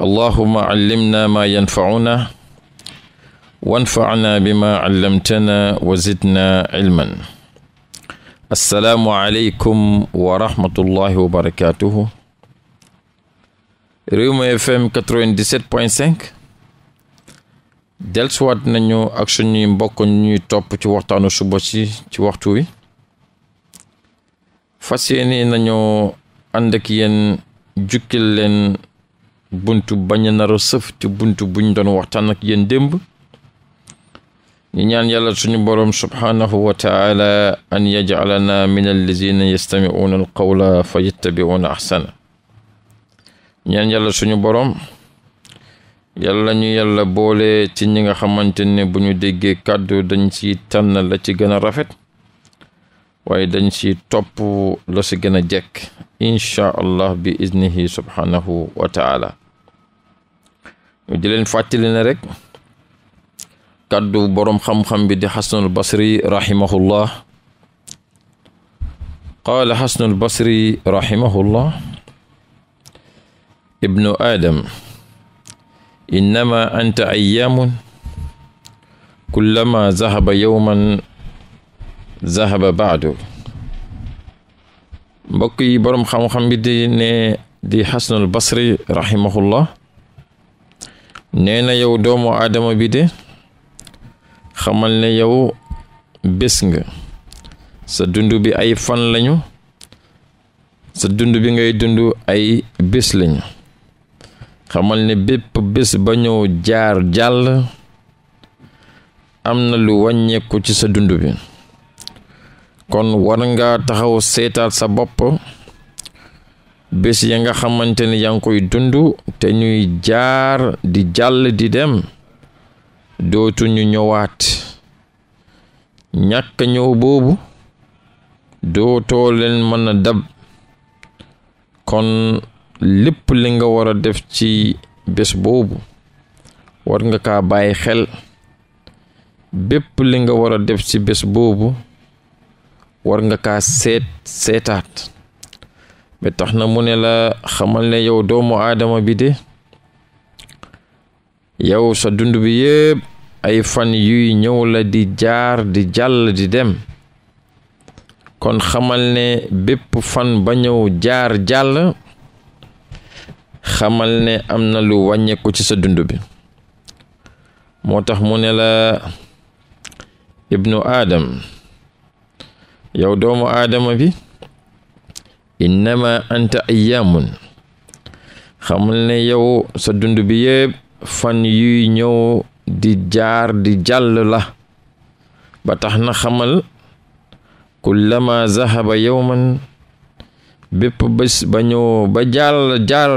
allahuma callimna maa yanfacuna wanfacna bimaa callamtana wa zidna cilman assalaamu aleykum wa rahmatullahi wa barakatuhu Rewmi FM 97.5 delsuwaat nañu ak suñuy mbokk ñuy topp ci waxtaanu suba si ci waxtu wi fas yéene nañu ànd ak yéen jukkil leen buntu bañ a nar a sëf buntu buñ doon waxtaan ak yéen démb ñu ñaan yàlla suñu borom subhaanahu wa taala an yajalana min allazina yastamiuuna alqawla fa yattabiuuna ahsana ñaan yàlla suñu boroom yàlla ñu yàlla boole ci ñi nga xamante ne bu ñu déggee kàddu dañ ci tànn la ci gën a rafet waaye dañ ci topp la ci gën a jekk incha allah bi iznihi subhaanahu wa taala mu di leen fàttali ne rek kàddu boroom xam-xam bi di xasanul basri rahimahullah qaala xasanul basri rahimahullah ibnu aadam innama anta ayyaamun kullama zahaba yowman zahaba baadu mbokk yi boroom xam-xam bi di ne di xasanul basri rahimahullah nee na yow doomu aadama bi de xamal ne yow bés nga sa dund bi ay fan lañu sa dund bi ngay dund ay bés lañu xamal ne bépp bés ba ñëw jaar jàll am na lu wàññeeku ci sa dund bi kon war nga taxaw seetaat sa bopp bés ya nga xamante ne yaa ngi koy dund te ñuy jaar di jàll di dem dootuñu ñëwaat ñàkk ñëw boobu dootoo leen mën a dab kon lépp li nga war a def ci bés boobu war nga kaa bàyyi xel bépp li nga war a def ci bés boobu war nga kaa seet seetaat ba tax na mu ne la xamal ne yow doomu aadama bi de yow sa dund bi yëpp ay fan yuy ñëw la di jaar di jàll di dem kon xamal ne bépp fan ba ñëw jaar jàll xamal ne am na lu wàññeeku ci sa dund bi moo tax mu ne la ibnu aadam yow doomu aadama bi innama anta ayyamun xamul ne yow sa dund bi yëpp fan yuy ñëw di jaar di jàll la ba tax na xamal kullama zahaba yawman bépp ba ñëw ba jàll jàll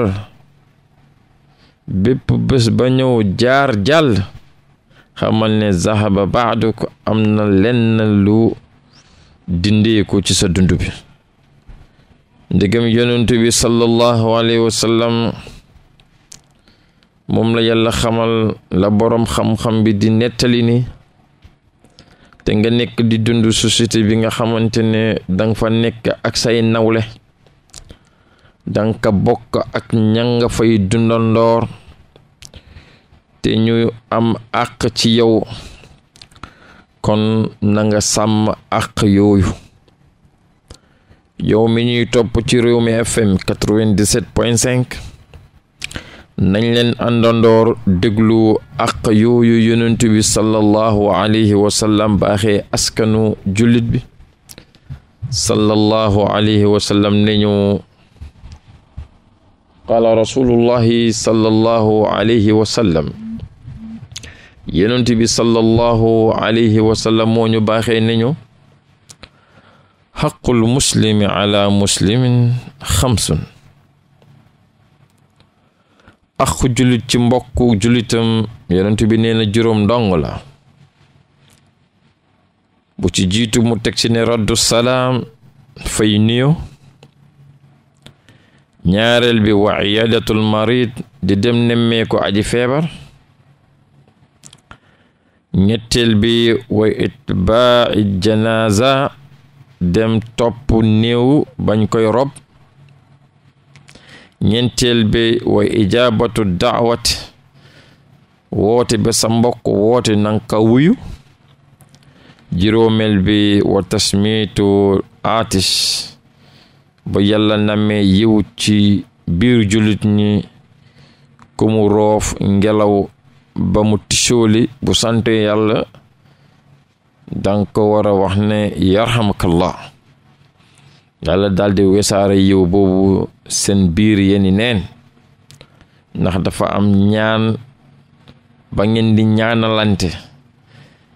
bépp bés ba ñëw jaar jàll xamal ne zahaba baadu ko am na lenn lu dindeeku ci sa dund bi ndegam yonent bi sallallahu alayhi wa sallam moom la yàlla xamal la boroom xam-xam bi di nettali ni te nga nekk di dund société bi nga xamante ne danga fa nekk ak say nawle danga ka bokk ak ña nga fay dundandoor te ñu am àq ci yow kon na nga sàmm àq yooyu yow mi topp ci réew mi fm 97.5 nañ leen àndandoor déglu ak yooyu yonent bi sallallahu alayhi wa sallam baaxee askanu jullit bi sallallahu alayhi wa sallam ne ñu qaala rasulullahi sallallahu alayhi wa sallam bi sallallahu alayhi wa sallam moo ñu baaxee ne ñu xaqul muslimi ala muslimin xamsun aqu jullit ci mbokku jullitam yonent bi nee juróom ndongo la bu ci jiitu mu teg ci ne raddu salaam fay nuyu ñaareel bi wa iyadatul marit di dem nemmee ko feebar ñetteel bi wa itbaa janaza dem topp néew bañ koy rob ñeenteel bi way ijaabatu daawat woote ba sa mbokk woote nanka wuyu juróomeel bi wa tasmitu aatis ba yàlla namee yiwu ci biir jullit ñi roof ngelaw ba mu tisooli bu sante yàlla danga ko war a wax ne yarhamukallah yàlla daldi wesaare yiw boobu seen biir yeni neen ndax dafa am ñaan ba ngeen di ñaanalante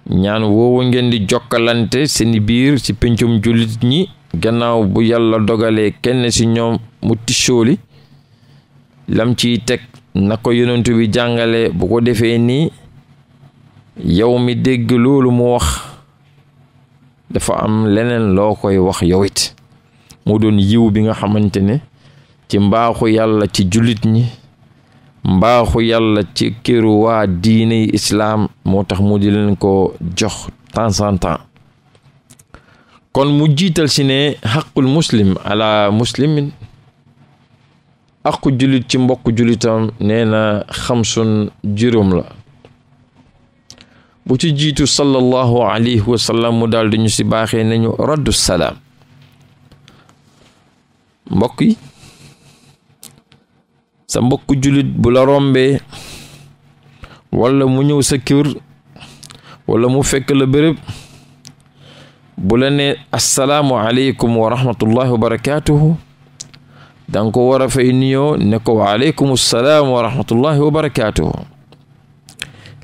ñaan woowu ngeen di jokkalante seen biir ci pencum jullit ñi gannaaw bu yàlla dogalee kenn ci ñoom mu tisóoli lam ciy teg na ko yonentu jàngale bu ko defee nii yow mi dégg loolu mu wax dafa am leneen loo koy wax yow it mu doon yiw bi nga xamante ne ci mbaaxu yàlla ci jullit ñi mbaaxu yàlla ci këru waa diiney islaam moo tax mu di leen ko jox temps en kon mu jiital si ne xaqul muslim ala muslimin aqu jullit ci mbokk jullitam nee na xamsun juróom la bu ci jiitu sallallahu alayhi wa mu daldi ñu si baaxee nañu raddu salaam mbokk sa mbokk julit bu la rombee wala mu ñëw sa kër wala mu fekk la bërëb bu la ne assalaamu aleykum wa rahmatullahi wa barakaatuhu danga ko war a ne ko wa aleykum assalaam wa rahmatullahi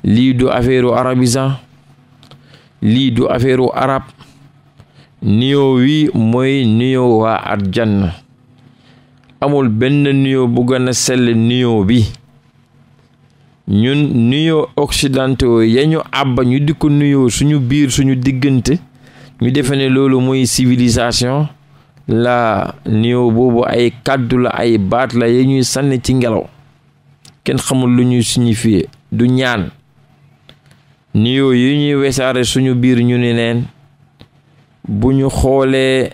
lii du affaire lii du affaire arab nuyoo wi mooy nuyoo waa arjanna amul benn nuyoo bu gën a sell nuyoo bi ñun nuyoo occidentaux yañu àbba ñu di ko nuyoo suñu biir suñu diggante ñu defe loolu mooy civilisation la nuyoo boobu ay kàddu la ay baat la ya ñuy sànni ci ngelaw kenn xamul lu ñuy signifier du ñaan nuyoo yi ñuy wesaare suñu biir ñu ni neen bu ñu xoolee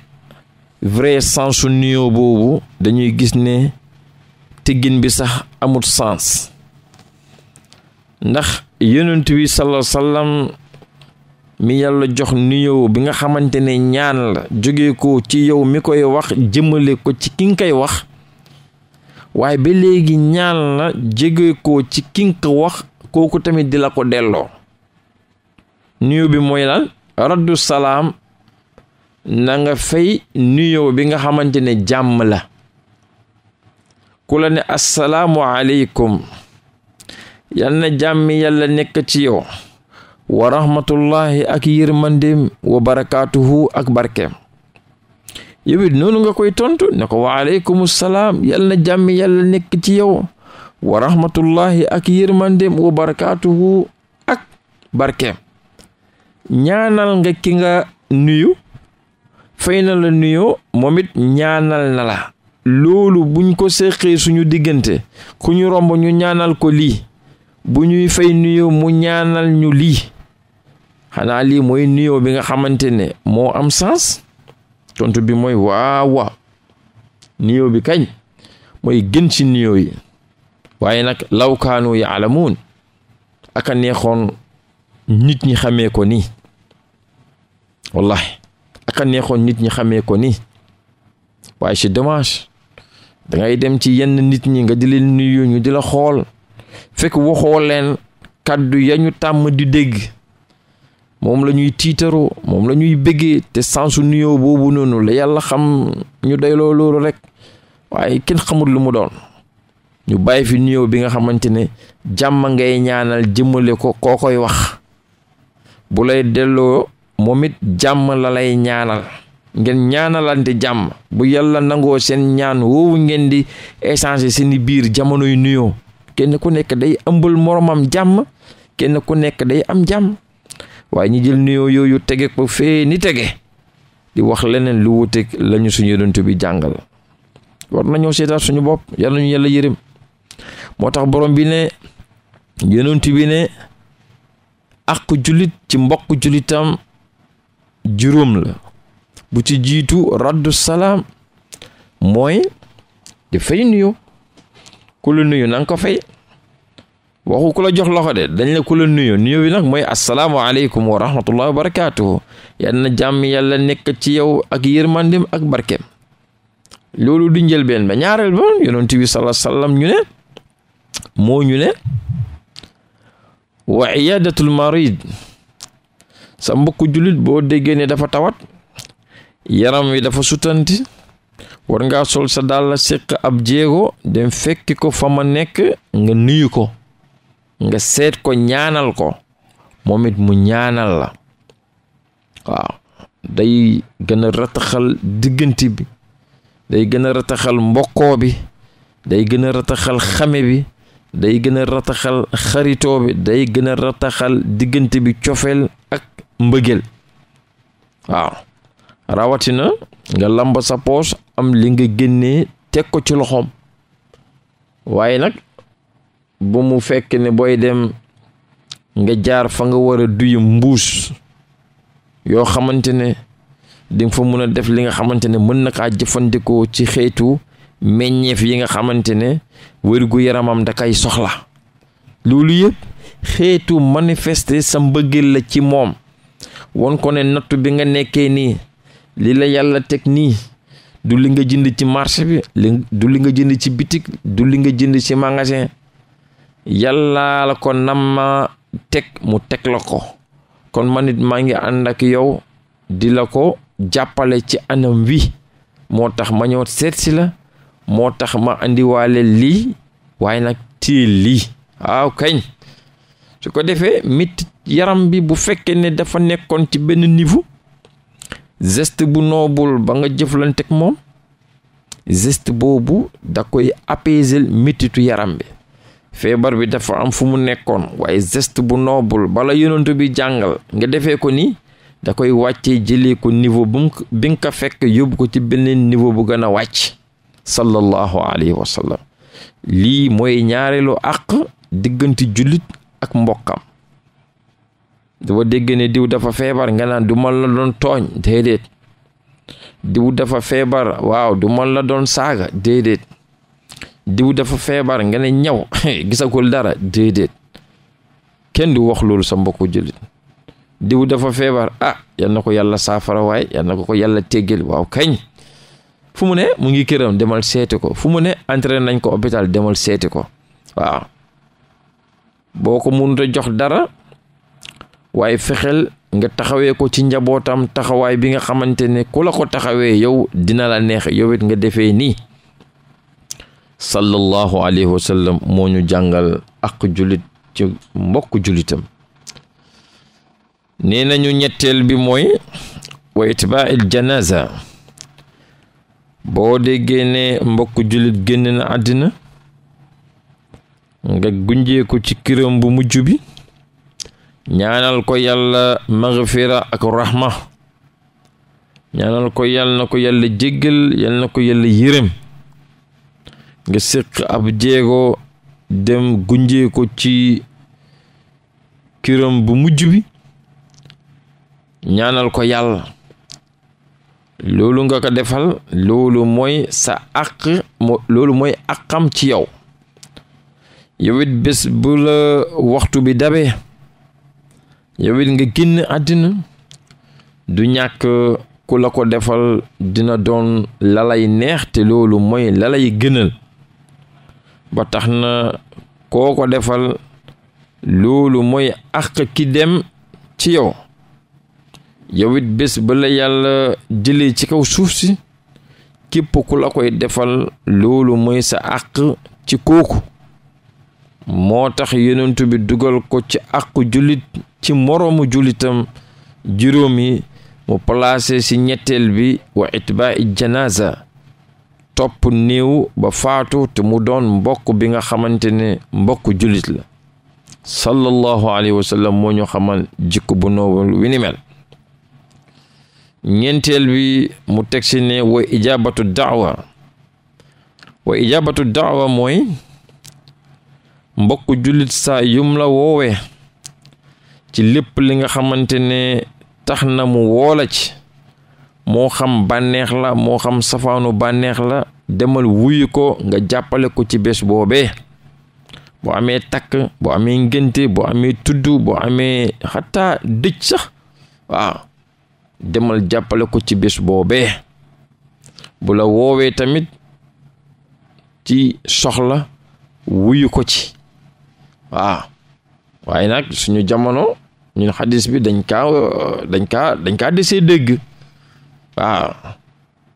vrai sens su nuyoo boobu dañuy gis ne tiggin bi sax amut sens ndax yonent bi sallallahu sallam mi yàlla jox nuyoo bi nga xamante ne ñaan la jóge ko ci yow mi koy wax jëmale ko ci ki nga koy wax waaye ba léegi ñaan la jóge ko ci ki nga wax kooku tamit di la ko delloo nuyu bi mooy lan raddu salaam nanga nga fay nuyoo bi nga xamante ne jàmm la ku la ne assalaamu aleykum yal na jàmmi yàlla nekk ci yow wa rahmatullahi ak wa barakaatuhu ak barkeem yow it noonu nga koy tontu ne ko wa aleykum salaam yal na jàmmi yàlla nekk ci yow wa rahmatullahi ak yërmandeem wa barakaatuhu ak barkeem ñaanal nga ki nga nuyu fay na la nuyu moom it ñaanal na la loolu buñ ko séqee suñu diggante ku ñu romb ñu ñaanal ko lii bu ñuy fay nuyu mu ñaanal ñu lii xanaa lii mooy nuyu bi nga xamante ne moo am sens tontu bi mooy waawaaw nuyu bi kañ mooy gën ci nuyu yi waaye nag lawkaanu yaalamuun aka neexoon nit ñi xamee ko nii wallahi nit ñi xamee ko nii waaye c'est dommage dangay dem ci yenn nit ñi nga di leen nuyu ñu di la xool fekk waxoo leen kàddu ya ñu tàmm di dégg moom lañuy ñuy tiitaroo moom lañuy ñuy bëggee te sansu nuyoo boobu noonu la yàlla xam ñu doyloo loolu rek waaye kenn xamul lu mu doon ñu bàyyi fi nuyoo bi nga xamante ne jàmm ngay ñaanal jëmmale ko koo koy wax bu lay delloo moom it jàmm la lay ñaanal ngeen ñaanalante jàmm bu yàlla nangoo seen ñaan woowu ngeen di échanger seeni biir jamono yu nuyoo kenn ku nekk day ëmbal moromam jàmm kenn ku nekk day am jàmm waaye ñi jël nuyoo yooyu tege ko fee ni tege di wax leneen lu wuteeg lañu suñu yonent bi jàngal war nañoo seetaat suñu bopp yal nañu yàlla yërëm moo tax borom bi ne yonent bi ne. àqu jullit ci mbokk jullitam juróom la bu ci jiitu raddu salaam mooy di fay nuyu ku la nuyu nanga ko fay waxu ku la jox loxo de dañ la ku la nuyu nuyu bi nag mooy assalaamu aleykum wa rahmatullahi wa jàmm yàlla nekk ci yow ak yërmandim ak barkeem loolu du njëlbeen ba ñaareel ba yonent bi sallallahu alayhi ñu ne moo ñu ne wa iyadatul marid sa mbokku jullit boo déggee ne dafa tawat yaram wi dafa sutanti war ngaa sol sa dàll séq ab jéego dem fekki ko fa ma nekk nga nuyu ko nga seet ko ñaanal ko moom it mu ñaanal la waaw day gën a diggante bi day gën a rataxal mbokkoo bi day gën a rataxal xame bi day gën a rataxal xaritoo bi day gën a rataxal diggante bi cofeel ak mbëggeel waaw rawatina nga lamba sa poos am li nga génnee teg ko ci loxoom waaye nag bu mu fekk ne booy dem nga jaar fa nga war a duy mbuus yoo xamante ne dinga fa mun a def li nga xamante ne mën na kaa jëfandikoo ci xeetu meññeef yi nga xamante ne wérgu yaramam da kay soxla loolu yëpp xeetu manifeste sa mbëggeel la ci moom won ko ne nattu bi nga nekkee nii li la yàlla teg nii du li nga jënd ci marché bi du li nga jënd ci bitik du li nga jënd ci magasin yàlla la ko namma teg mu teg la ko kon man it maa ngi ànd ak yow di la ko jàppale ci anam wi moo tax ma ñëw seet si la moo tax ma andiwaale lii waaye nag téye lii waaw kañ su ko defee mit yaram bi bu fekkee ne dafa nekkoon ci benn niveau geste bu noobul ba nga jëflanteeg moom geste boobu da koy apaiser mititu yaram bi feebar bi dafa am fu mu nekkoon waaye geste bu noobul bala yonentu bi jàngal nga defee ko ni da koy wàccee jëlee ko niveau bi nga ko fekk yóbbu ko ci beneen niveau bu gën a wàcc sallallahu alayhi wa lii mooy ñaareelu àq diggante jullit ak mbokkam doo dégg ne diw dafa feebar nga naan du man doon tooñ déedéet diw dafa feebar waaw du man la doon saaga déedéet diw dafa feebar nga ne ñaw gisagul dara déedéet kenn di wax loolu sa mbokku jullit diw dafa feebar ah yal na ko yàlla saafara waay yal ko ko yàlla téggil waaw kañ fu mu ne mu ngi këram demal seeti ko fu mu ne entraîné nañ ko hôpital demal seeti ko waaw boo ko mënut a jox dara waaye fexeel nga taxawee ko ci njabootam taxawaay bi nga xamante ne ku la ko taxawee yow dina la neex yow it nga defee nii sallallahu alayhi wa moo ñu jàngal ak julit ci mbokk julitam nee nañu ñetteel bi mooy wa itbaa'il janaza boo déggee ne mbokk jullit génn na àddina nga gunjee ci këram bu mujj bi ñaanal ko yàlla magfira ak rahma ñaanal ko yàlla ko yàlla jéggal yàlla na nga séq ab jéego dem gunjee ci këram bu mujj bi ñaanal ko yàlla loolu nga ko defal loolu mooy sa àq loolu mooy àqam ci yow yow bés bu la waxtu bi dabee yow it nga ginn àddina du ñàkk ku la ko defal dina doon lalay neex te loolu mooy lalay gënal ba tax na koo ko defal loolu mooy aq ki dem ci yow yow bés ba yàlla jëlee ci kaw suuf si képp ku la koy defal loolu mooy sa akk ci kooku moo tax yonentu bi dugal ko ci àqu jullit ci moroomu jullitam juróomi mu placé ci ñetteel bi wa itbaa'i janaza topp niiw ba faatu te mu doon mbokk bi nga xamante ne mbokk jullit la sallallahu alayhi wa sallam xamal jikko bu noowul wi ñeenteel bi mu teg ci ne daawa wa ijabatu daawa mooy mbokk jullit saa yum la woowee ci lépp li nga xamante ne tax na mu woola ci moo xam bànneex la moo xam safaanu bànneex la demal wuyu ko nga jàppale ko ci bés boobee boo amee takk bu amee ngénte boo amee tudd boo amee xataa dëj sax waaw demal jàppale ko ci bés boobee bu la woowee tamit ci soxla wuyu ko ci waaw waaye nag suñu jamono ñun xadis bi dañ kaa dañ kaa dañ kaa desee dégg waaw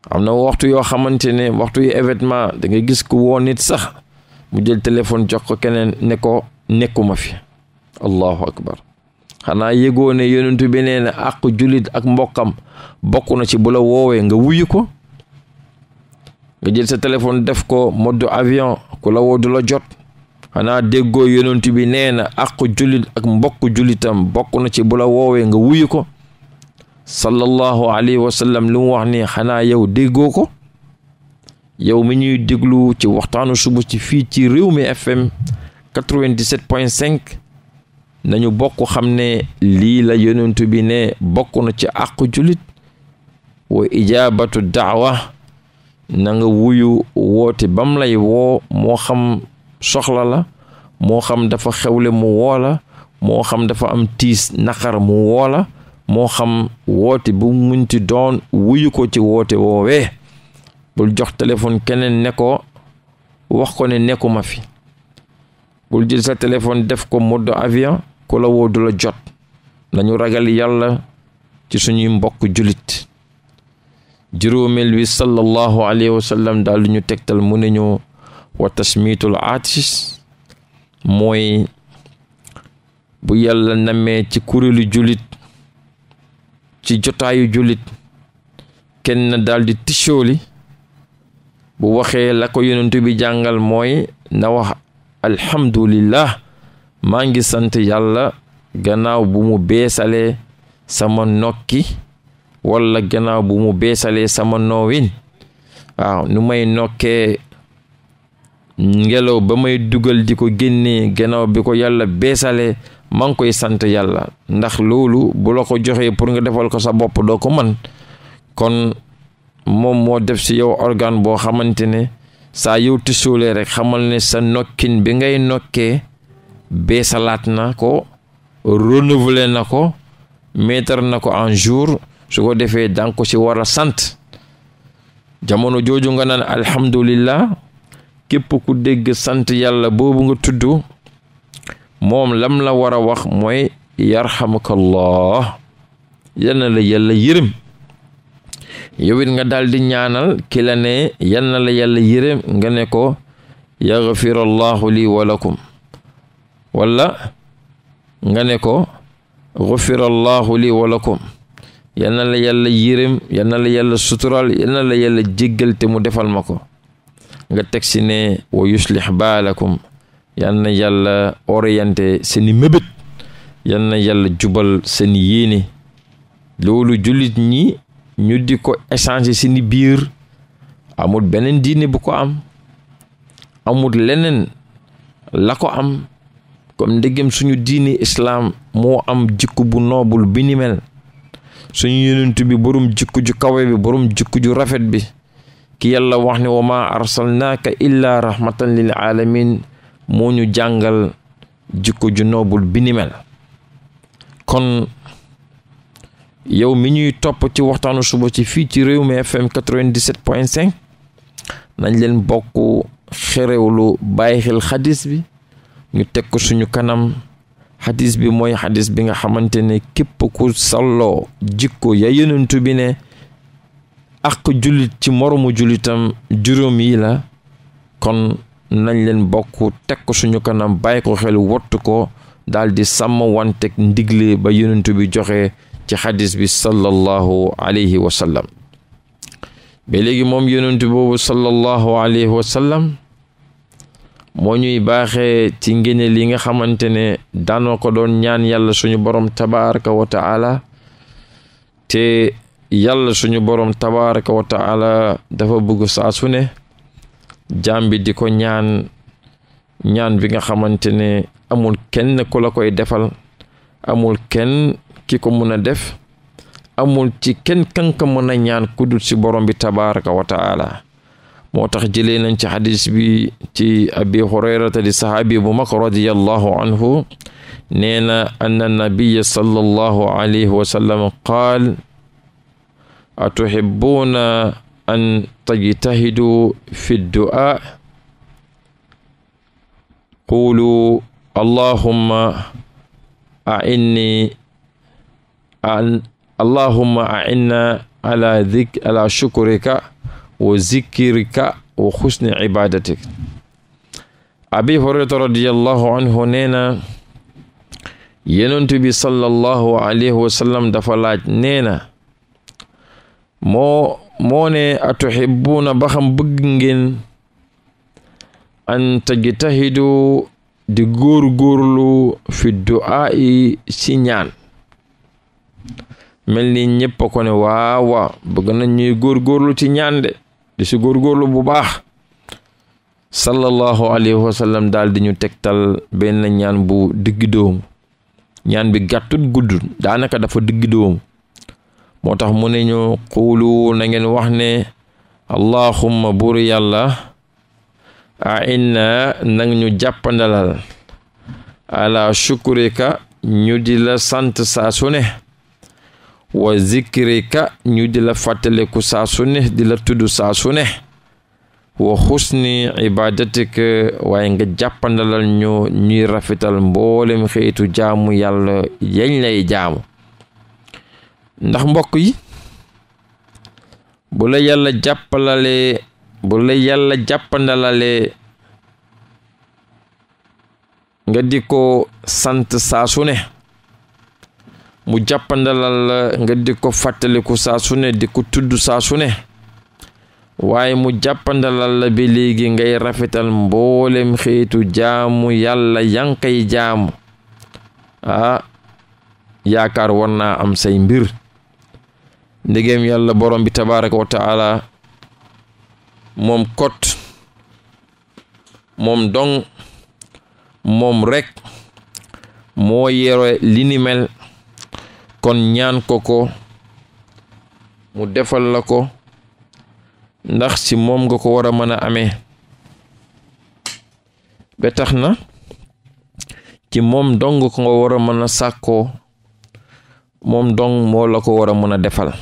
am na waxtu yoo xamante ne waxtu yu événement da nga gis ku woo nit sax mu jël téléphone jox ko keneen ne ko nekkuma fi allahu akbar xanaa yëgoo ne yonent bi nee na jullit ak mbokkam bokk na ci bula la woowee nga wuyu ko nga jël sa téléphone def ko mode avion ku la woo jot xanaa déggoo yonent bi nee na àq jullit ak mbokk jullitam bokk na ci bula la woowee nga wuyu ko sallallahu alayhi wa sallam wax ni xanaa yow déggoo ko yow mi ñuy déglu ci waxtaanu suba ci fii ci réew mi FM 97.5 nañu bokk xam ne lii la yonent bi ne bokk na ci àqu julit wa ijaabatu daawa nanga wuyu woote bam lay woo moo xam soxla la moo xam dafa xewle mu woo moo xam dafa am tiis naqar mu woo moo xam woote bu munti doon wuyu ko ci woote woowee bul jox téléphone keneen ne ko wax ko ne nekkuma fi bul jël sa téléphone def ko mode avion ku la woo du jot nañu ragal yàlla ci suñuy mbokk julit juróomeel bi sallallahu alayhi wa sallam ñu tegtal mu ne ñu wa tasmiitul aatis mooy bu yàlla namee ci kuréelu julit ci jotaayu julit kenn daal di bu waxee la ko yonentu bi jàngal mooy na wax alhamdulillah maa ngi sant yàlla gannaaw bu mu beesalee sama nokki walla gannaaw bu mu beesalee sama noowin waaw nu may nokkee ngelaw ba may dugal di ko génnee gannaaw bi ko yàlla beesalee maa ngi koy sant yàlla ndax loolu bu la ko joxee pour nga defal ko sa bopp doo ko man kon moom moo def si yow organ boo xamante ne saa yow tisoolee rek xamal ne sa nokkin bi ngay nokkee beesalaat na ko renouveler na ko mettre na ko en su ko defee danga ko ci war a sant jamono jooju nga naan alhamdulillah képp ku dégg sant yàlla boobu nga tuddu moom lam la war a wax mooy yarhamukallah yal na la yàlla yërëm yow it nga daldi di ñaanal ki ne yal la yàlla yërëm nga ne ko yaxfirallahu lii wa lakum wala nga ne ko xufirallahu li walakum yal na la yàlla yërëm yal na la yàlla sutural yal la yàlla jéggal te mu defal ma ko nga teg si ne wa yuslih baalakum yal na yàlla orienté seeni mébét yal yàlla jubal seeni yéene loolu jullit ñi ñu ko échanger seeni biir amut beneen diine bu ko am amul leneen la am comme ndegem suñu diini islaam moo am jikko bu noobul binimel suñu yonent bi borom jikko ju kawe bi borom jikko ju rafet bi ki yàlla wax ne wa ma arsalnaaka illaa rahmatan lil moo ñu jàngal jikko ju noobul binimel kon yow mi ñuy topp ci waxtaanu suba ci fii ci réew mi fm 97.5 nañ leen bokk xerewlu bàyyi xel xadis bi ñu teg ko suñu kanam xadis bi mooy xadis bi nga xamante ne képp ku salloo jikko ya yenentu bi ne ak jullit ci moromu jullitam juróom yi la kon nañ leen bokk teg ko suñu kanam bàyyi ko xel wottu ko daal di sàmm wanteeg ndigle ba yenentu bi joxe ci xadis bi sallallahu alayhi wa sallam léegi moom yenentu boobu sallallahu alayhi wa moo ñuy baaxee ci ngéneel yi nga xamante ne daanoo ko doon ñaan yàlla suñu borom tabaraka wa te yàlla suñu borom tabaraka wa dafa bëgg saa su ne di ko ñaan ñaan bi nga xamante ne amul kenn ku la koy defal amul kenn ki ko mun a def amul ci kenn kanka mën a ñaan ku dul ci borom bi tabaraka wa moo tax jëlee nañ ci xadis bi ci abi hurayrata di sahaabi bu mag radiallahu anhu nee na anna nabiya sallallahu alayhi wa sallam qaal atuhibbuuna an tajtahidu fi du'a qulu allahumma a'inni an allahumma a'inna ala dik ala shukrika wa zikrika wa husni ibadatik abi hurayrata radiallahu anhu nee na yenentu bi sallallahu alayhi wa dafa laaj nee na moo moo ne atuhibbuuna ba bëgg ngeen an tajtahidu di góor-góorlu fi duaa ci ñaan mel ni ñëpp a waawa bëgg na ñuy góor-góorlu ci ñaan de di si góorgóorlu bu baax sallallahu alayhi wa sallam daal di ñu tegtal benn ñaan bu digg dóomu ñaan bi gàttut guddut daanaka dafa digg dóomu moo tax mu ne ñu xuulu nangeen wax ne allahumma buur yàlla a inna nang ñu jàppandalal ala shukurika ñu di la sant saa su ne wa zikrika ñu di la fàttaleku saa su ne di la tudd saa su ne wa xusni ibadatika waaye nga jàppandalal ñu ñuy rafetal mboolem xeetu jaamu yàlla yeñ lay jaamu ndax mbokk yi bu la yàlla jàppalalee nga di ko sant saa ne mu jàppandalal la nga di ko fàttaliku saa su ne di tudd saa waaye mu jàppandalal la bi léegi ngay rafetal mboolem xeetu jaamu yàlla yankay jamu ah yaakaar war naa am say mbir ndegem yàlla borom bi tabaraka wa kot moom dong moom rek moo yore kon ñaan ko ko mu defal la ko ndax si moom nga ko war a mën a amee ba tax na ci moom dong ko nga war a mën a sàkkoo moom dong moo la ko war a mën a defal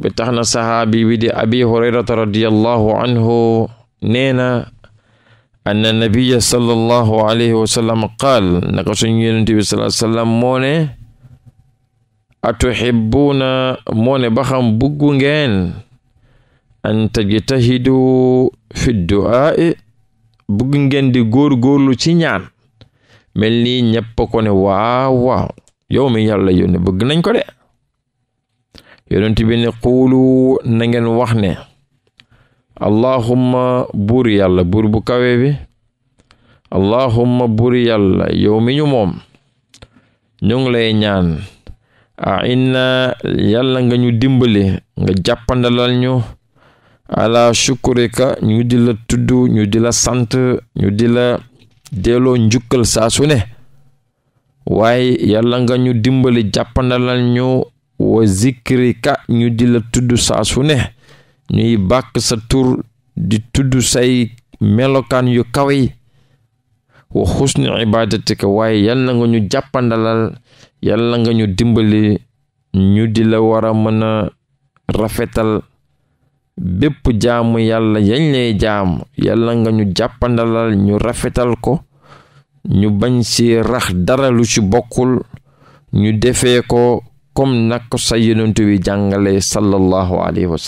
ba tax na sahaabi bi di abi hurayrata radiyallahu anhu nee na anna nabiya sallallahu alayhi wa qaal naka suñu yonent bi sallallahu a atuhibbuuna moo ne baxam buggu ngeen an tajtahidu fi du'aa'i buggu ngeen di góor-góorlu ci ñaan mel ni ñëpp ko ne waaw waaw yow mi yàlla yónni bëgg nañ ko de yonent bi ne xuulu na ngeen wax ne allahumma buur yàlla buur bu kawe bi allahumma buur yàlla yow ñu moom ñu ngi lay ñaan ainna yàlla nga ñu dimbale nga jàppandalal ñu ala shukurika ñu di la tudd ñu di la sant ñu di la delloo njukkal saa ne waaye yàlla nga ñu dimbali jàppandalal ñu wa zikrika ñu di la tudd saa su ne ñuy bàkk sa tur di tudd say melokaan yu kaw yi wa xusni ibadatika waaye yal na nga ñu jàppandalal yal nga ñu dimbali ñu di la war a mën a rafetal bépp jaamu yàlla yañ lay jaam yàlla nga ñu jàppandalal ñu rafetal ko ñu bañ si rax dara lu ci bokkul ñu defee ko comme nag ko sa yonent jàngale sallallahu alayhi wa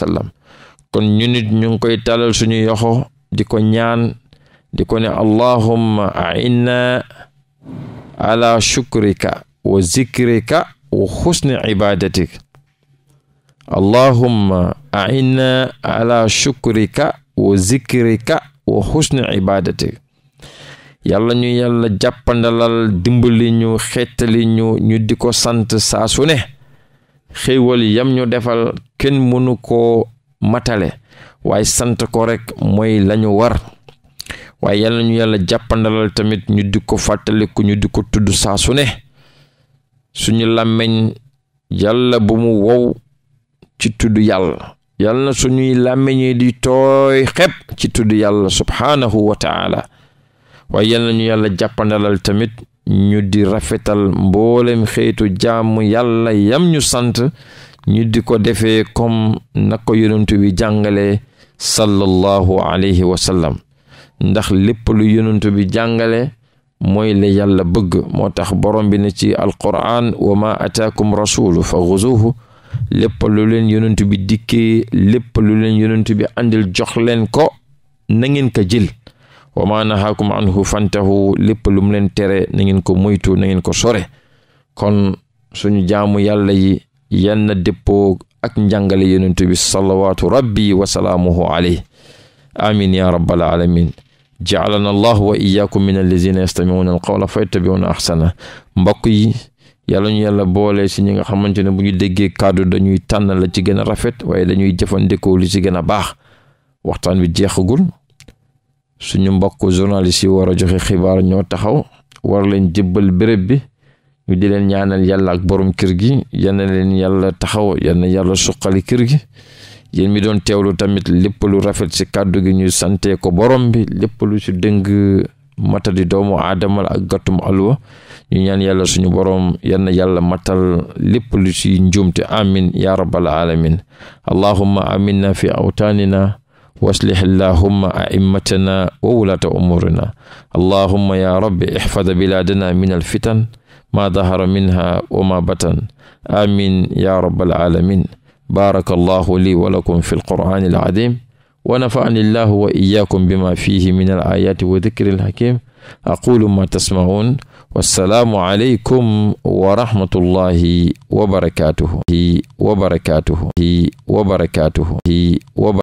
kon ñu nit ñu koy talal suñu yoxo di ko ñaan di ko ne allahumma ainna ala shukrika wa zikrika wa xusni ibadatik allahumma ainna ala shukrika wa zikrika wa xusni ibadatik yàlla ñu yàlla jàppandalal dimbali ñu xeetali ñu ñu di ko sant saa su ne xéewal yam ñu defal kenn mënu koo matale waaye sant ko rek mooy lañu war waa yàlla ñu yàlla jàppandalal tamit ñu di ko fàttaliku ñu di ko tudd saa su ne suñu làmmeñ yàlla bu mu wow ci tudd yàlla yàlla na suñuy làmmeñee di tooy xeb ci tudd yàlla subhaanahu wa taala waaye yàlla ñu yàlla jàppandalal tamit ñu di rafetal mboolem xeetu jaamu yàlla yam ñu sant ñu di ko defe kom na ko yonent bi jàngale sallallahu alayhi wa ndax lépp lu yonent bi jàngale mooy la yàlla bëgg moo tax borom bi ne ci alquran wa ma ataakum rasulu fa xuzuhu lépp lu leen yonent bi dikkee lépp lu leen yonent bi àndil jox leen ko na ngeen ko jël wa ma nahaakum anhu fantahu lépp lu mu leen tere na ngeen ko moytu na ngeen ko sore kon suñu jaamu yàlla yi yan na ak njàngale yonent bi salawaatu rabbi wa salaamuhu alayhi amin ya jaalana allahu wa iyaakum min allazina yastamiuna alqawla fa yattabiuna ahsana mbokk yi yàlla yàlla boole si ñi nga xamante ne bu ñu déggee kàddu dañuy tànnal la ci gën a rafet waaye dañuy jëfandikoo lu ci gën a baax waxtaan bi jeexagul suñu mbokk journaliste yi war a joxe xibaar ñoo taxaw war leen jëbbal béréb bi ñu di leen ñaanal yàlla ak borom kër gi yal na leen yàlla taxaw yal na yàlla suqali kër gi yéen mi doon teewlu tamit lépp rafet si kàddu gi ñu sante ko borom bi lépp lu ci dëng matadi doomu aadama ak gàttum alwa ñu ñaan yàlla suñu borom yal yàlla matal lépp lu ci njuumte amin ya rabbal alamin allahumma aminna fi awtaanina waslih allahumma a'immatana wa umurina allahumma ya rabbi ihfad biladana min alfitan ma dahara minha wa ma batan amin ya rabbal alamin بارك الله لي ولكم في القرآن العظيم ونفعني الله وإياكم بما فيه من الآيات وذكر الحكيم أقول ما تسمعون والسلام عليكم ورحمة الله وبركاته وبركاته وبركاته